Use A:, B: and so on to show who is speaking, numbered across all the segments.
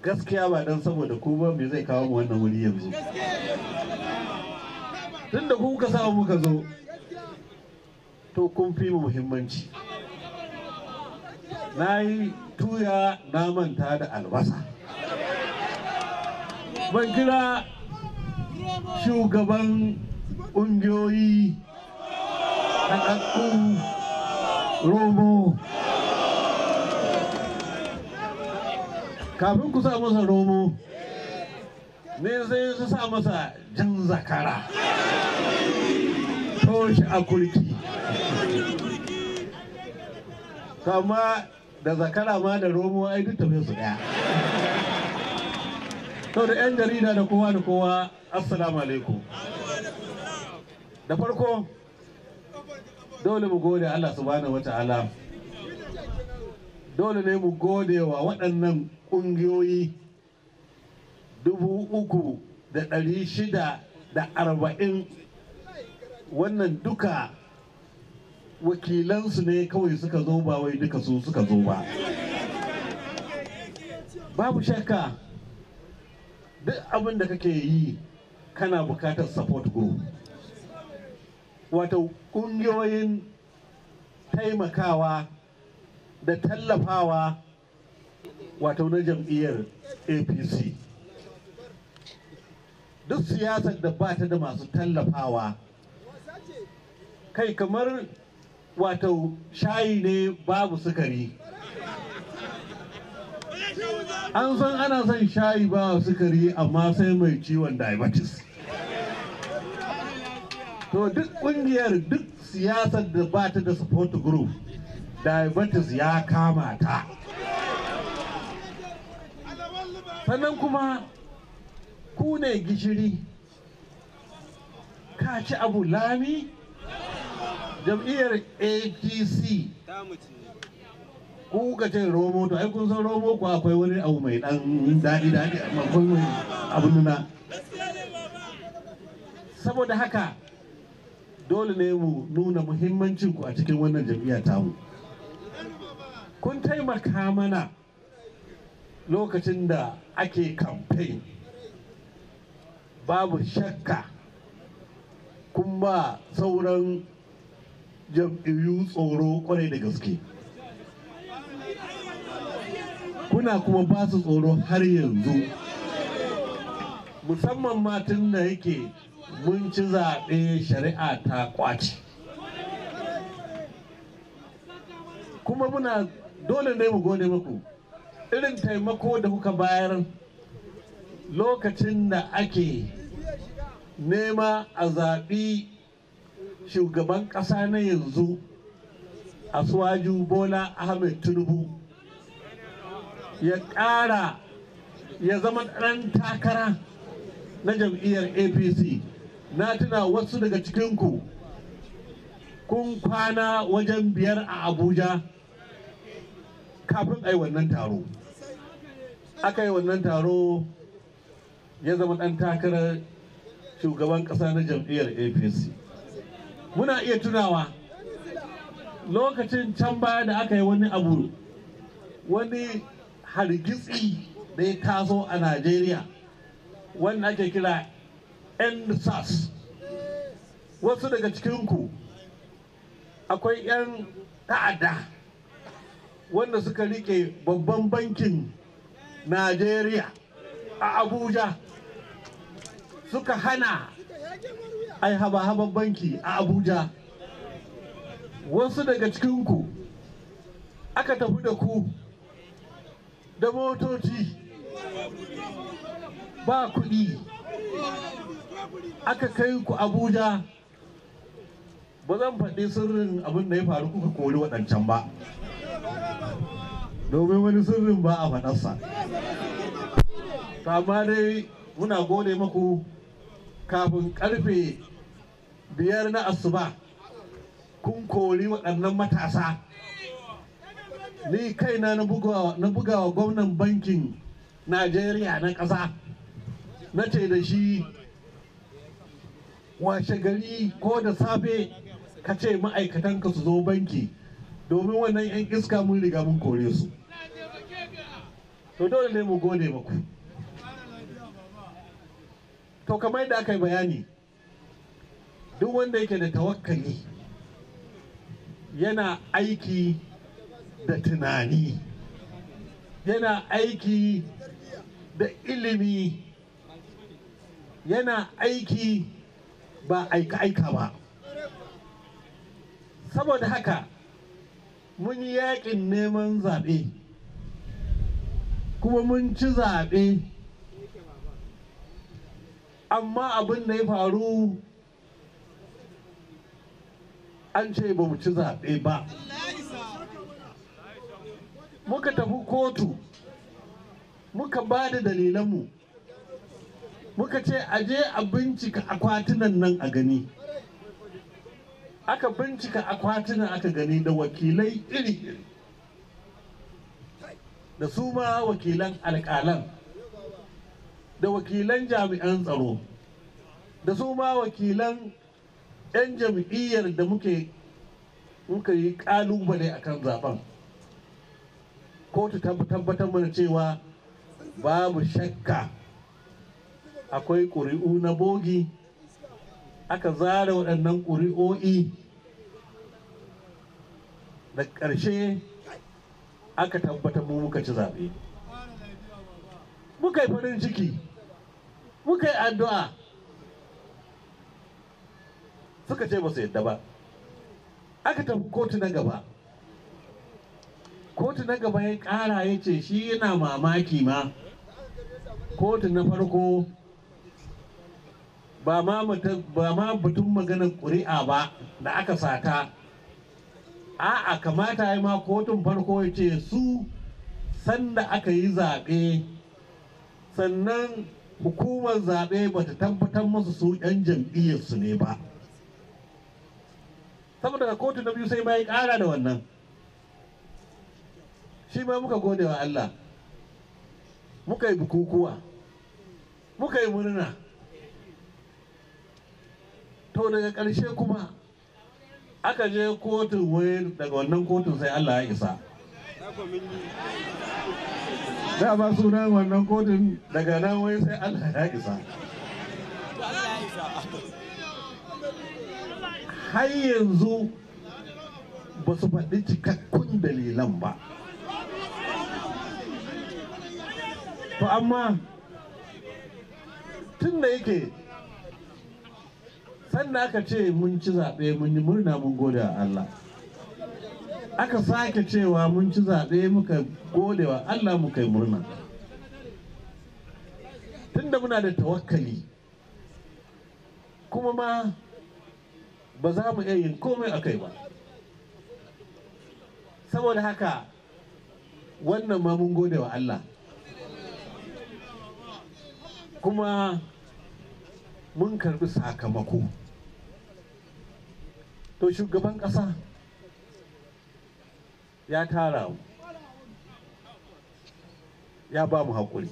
A: gaskiya ba dan saboda ku ba me zai kawo mu wannan wuri yanzu Tunda da kuka samu muka zo to kun fi mu muhimmanci na yi tuya na manta da albasa ban kira shugaban ƙungiyoyi na romo kafin ku sa masa romo ne sai su sa masa jan zakara shi a kurki kama da zakara ma da romo ai duk tafiya su daya to da yan jarida da kowa da kowa assalamu alaikum da farko dole mu gode Allah subhanahu ta'ala dole ne mu gode wa waɗannan ƙungiyoyi dubu uku da ɗari shida da arba'in wannan duka wakilansu ne kawai suka zo ba wai duka su suka zo ba babu shakka duk abin da kake yi kana bukatar support group wato ƙungiyoyin taimakawa da tallafawa wato na jam'iyyar apc duk siyasar da ba ta da masu tallafawa kai kamar wato shayi ne babu sukari an san ana son shayi babu sukari amma sai mai ciwon diabetes to duk kungiyar duk siyasar da ba ta da support group diabetes ya kama ta sannan kuma ku ne gishiri ka ci abu lami jam'iyyar apc ku kuka ce romo to kun san romo ku akwai wani abu mai dan daɗi daɗi amma kun abu nuna saboda haka dole ne mu nuna muhimmancin ku a cikin wannan jami'a tamu kun taimaka mana lokacin da ake kamfen babu shakka kun ba sauran jam'iyyu tsoro kwarai da gaske kuna kuma ba su tsoro har yanzu musamman matan da yake mun ci zaɓe shari'a ta kwaci kuma muna dole ne mu gode muku irin taimako da kuka bayar lokacin da ake nema a zaɓi shugaban ƙasa na yanzu a suwaju bola ahmed tinubu ya ƙara ya zama ɗan takara na jam'iyyar apc na tuna wasu daga cikinku kun kwana wajen biyar a abuja kafin a wannan taro aka yi wannan taro ya zama ɗan takarar shugaban ƙasa na jam'iyyar apc muna iya tunawa lokacin can baya da aka yi wani abu wani hargitsi da ya taso a najeriya wanda ake kira sas wasu daga cikinku akwai 'yan ta'adda wanda suka rike babban bankin najeriya a abuja suka hana ai haba-haban banki a abuja wasu daga cikinku aka tafi da ku da motoci ba kuɗi aka kai ku abuja ba zan faɗi sirrin abin da ya faru kuka kori waɗancan ba domin wani sirrin ba a faɗarsa amma dai muna gode maku kafin karfe biyar na asuba kun kori waɗannan matasa ni kaina na bugawa gwamnan bankin najeriya na ƙasa na ce da shi washe gari ko da safe ka ce ma'aikatanka su zo banki domin wannan 'yan iska mun riga mun kore su to dole ne mu gode muku to kamar da aka yi bayani duk wanda yake da tawakkali yana aiki da tunani yana aiki da ilimi yana aiki ba aika-aika ba saboda haka mun yi yakin neman zaɓe kuma mun ci zaɓe amma abin da ya faru an ce ba mu ci zaɓe ba muka tafi kotu muka ba da dalilanmu muka ce a je a bincika akwatunan nan a gani aka bincika akwatunan aka gani da wakilai iri-iri da su ma wakilan alƙalan da wakilan jami'an tsaro da su ma wakilan 'yan jam'iyyar da muke muka yi kalubale a kan zaben ta tabbatar mana cewa babu shakka akwai ƙuri'u na bogi aka zara waɗannan ƙuri'o'i da ƙarshe aka tabbatar mu muka ci zaɓe muka yi farin ciki muka yi addu'a suka ce ba su yadda ba aka tafi kotu na gaba kotu na gaba ya ƙara ya ce shi yana mamaki ma kotu na farko ba ma batun maganar ƙuri'a ba da aka sata a'a kamata ya ma kotun farko ya ce su sanda aka yi zaɓe sannan hukumar zaɓe ba ta tabbatar masu su 'yan jam'iyyarsu ne ba saboda da kotu na biyu sai ma ya ƙara da wannan shi ma muka gode wa Allah muka yi bukukuwa muka yi murna to daga ƙarshe kuma aka je kotun wai daga wannan kotun sai Allah ya isa da ba sunan wannan kotun daga nan wai sai Allah ya isa har yanzu ba su faɗi cikakkun dalilan ba to amma tun da yake sannan aka ce mun ci zaɓe mun yi murna mun gode wa Allah aka sake cewa mun ci zaɓe muka gode wa Allah muka yi murna tunda muna da tawakkali kuma ma ba za mu iya yin komai a kai ba saboda haka wannan ma mun gode wa Allah kuma mun karbi sakamako to shugaban ƙasa ya tara mu ya ba mu haƙuri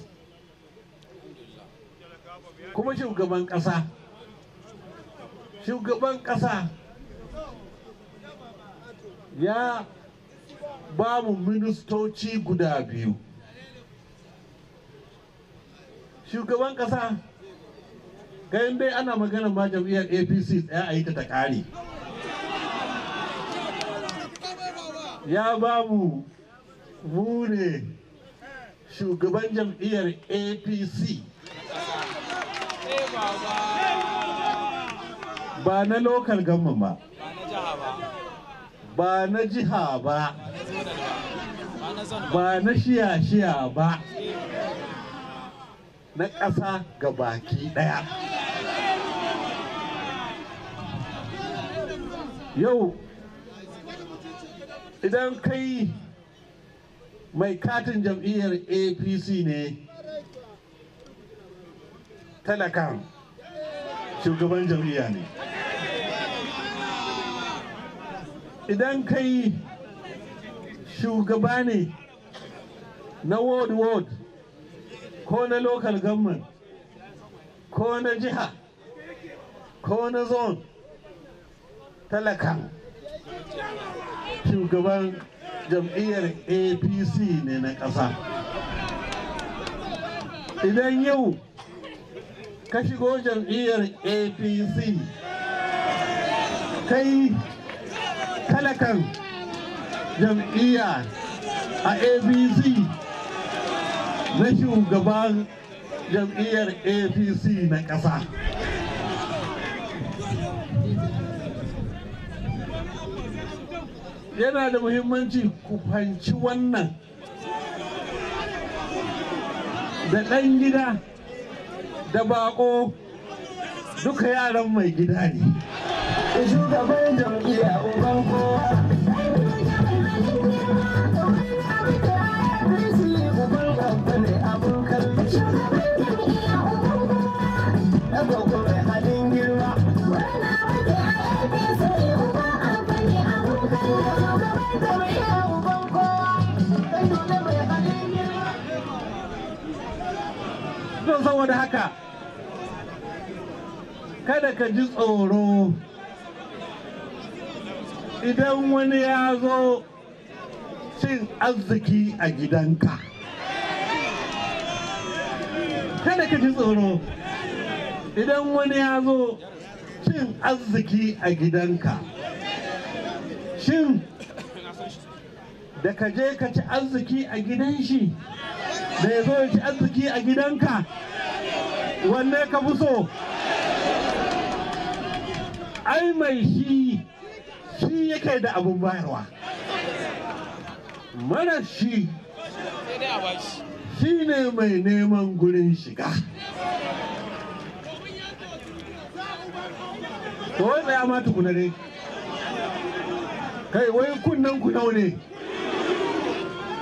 A: kuma shugaban ƙasa shugaban kasa ya ba mu ministoci guda biyu shugaban ƙasa ga dai ana magana ma jam'iyyar apc ya a yi ta ta ya ba mu shugaban jam'iyyar apc ba na lokal gama ba ba na jiha ba
B: ba na shiya-shiya ba
A: na ƙasa ga baki ɗaya yau idan kai mai katin jam'iyyar apc ne talakan shugaban jam'iyya ne idan kai shugaba ne na ward ward ko na local government ko na jiha ko na zone talakan shugaban jam'iyyar apc ne na ƙasa idan yau ka shigo jam'iyyar apc kai talakan jam'iyya a apc na shugaban jam'iyyar apc na ƙasa yana da muhimmanci ku fanci wannan da ɗan gida da baƙo. duka yaran mai gida ne shugaban jam'iyya uban kowa saboda haka kada ka ji tsoro idan wani ya zo cin arziki a gidanka kada ka ji tsoro idan wani ya zo cin arziki a gidanka shin da ka je ka ci arziki a gidan shi da ya zo ya ci arziki a gidanka wanne ka fi so ai mai shi shi yake da abin bayarwa mara shi shi ne mai neman gurin shiga to wai tsaya ma tukuna ne kai wai kunnen ku nau ne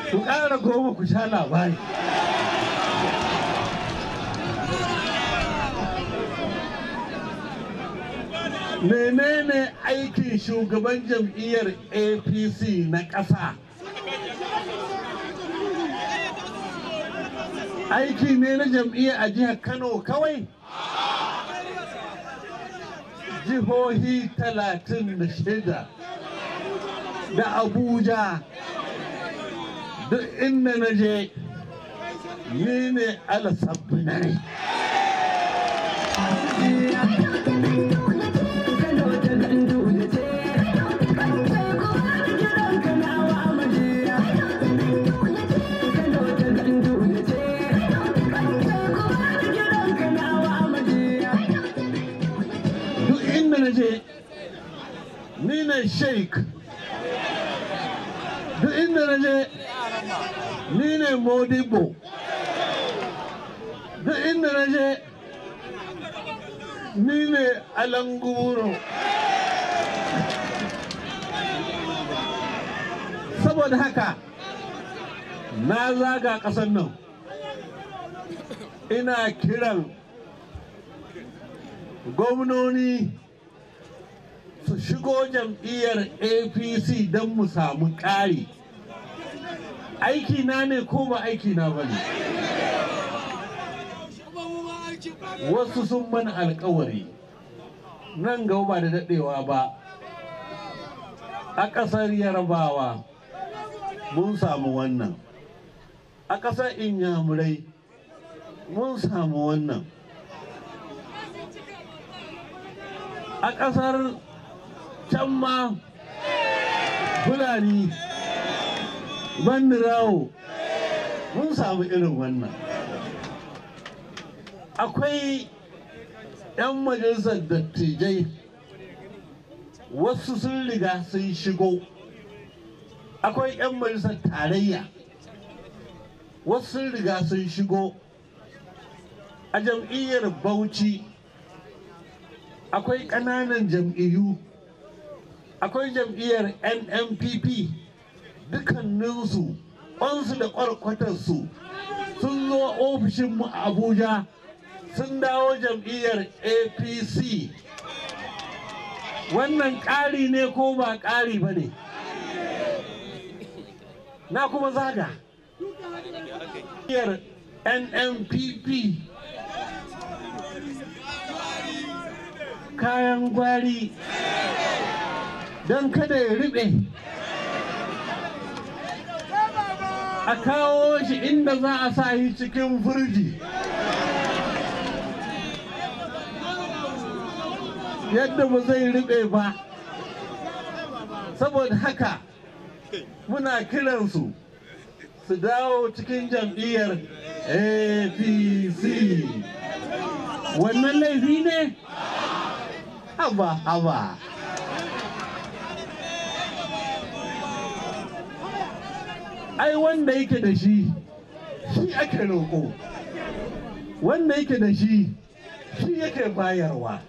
A: ku ƙara goma ku sha labari menene aikin shugaban jam'iyyar apc na ƙasa aiki ne na jam'iyyar a jihar kano kawai jihohi talatin da shida da abuja duk inda na je ni ne alasabbinai mai sheik duk inda na je ni ne modibo duk inda na je ni ne alanguro saboda haka na zaga ƙasar nan ina kiran gwamnoni su shigo jam'iyyar apc don mu samu ƙari na ne ko ba na ba ne wasu sun mana alkawari nan gaba ba da daɗewa ba a ƙasar yarbawa mun samu wannan a ƙasar inyamurai mun samu wannan a ƙasar can ma fulani bandirawo mun samu irin wannan akwai 'yan majalisar dattijai wasu sun riga sun shigo akwai 'yan majalisar tarayya wasu sun riga sun shigo a jam'iyyar bauchi akwai ƙananan jam'iyyu akwai jam'iyyar nnpp dukkaninsu ƙwansu da ƙwarƙwatarsu sun zo ofishinmu a abuja sun dawo jam'iyyar apc wannan ƙari ne ko ba ƙari ba ne na kuma zaga jam'iyyar nnpp kayan gwari don kada ya riɓe a kawo shi inda za a sa shi cikin furji yadda ba zai riɓe ba saboda haka muna kiransu su dawo cikin jam'iyyar apc wannan laifi ne haba haba ai wanda yake da shi shi ake roƙo wanda yake da shi shi yake bayarwa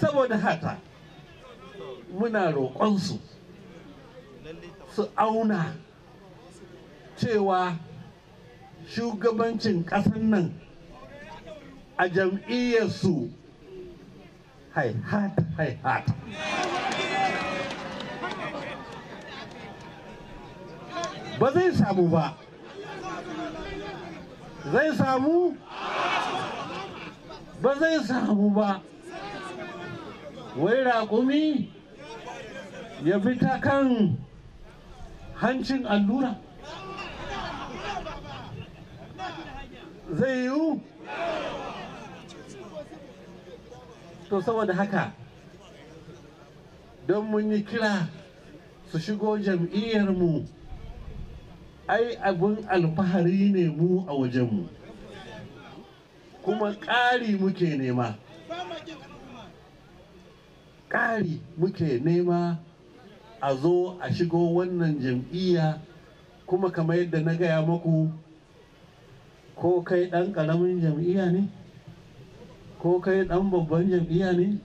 A: saboda haka muna roƙonsu su auna cewa shugabancin ƙasar nan a jam'iyyarsu haihata haihata ba zai samu ba zai samu ba zai samu ba wai raƙumi ya fita kan hancin allura zai yiwu to saboda haka don mun yi kira su shigo jam'iyyarmu ai abin alfahari ne mu a wajen mu kuma ƙari muke nema ƙari muke nema a zo a shigo wannan jam'iyya kuma kamar yadda na gaya maku ko kai ɗan ƙaramin jam'iyya ne ko kai ɗan babban jam'iyya ne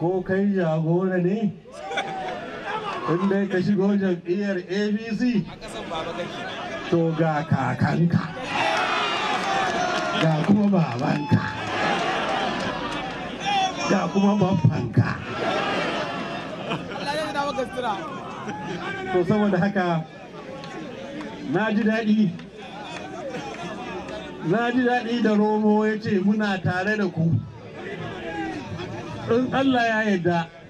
A: ko kai jagora ne in dai ka shigo jam'iyyar abc to ga kakanka ga kuma babanka ga kuma babbanka to saboda haka na ji daɗi na ji daɗi da romo ya ce muna tare da ku in allah ya yadda.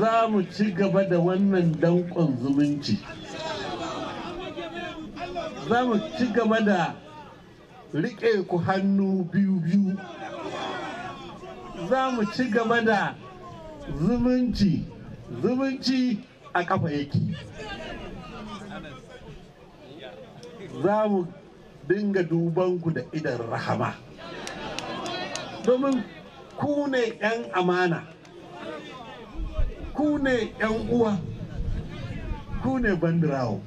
A: za mu ci gaba da wannan danƙon zumunci za mu ci gaba da riƙe ku hannu biyu-biyu za mu ci gaba da zumunci zumunci a ƙafa yake za mu dinga dubanku da idan rahama domin ku ne 'yan amana ku ne 'yan uwa ku ne bandirawo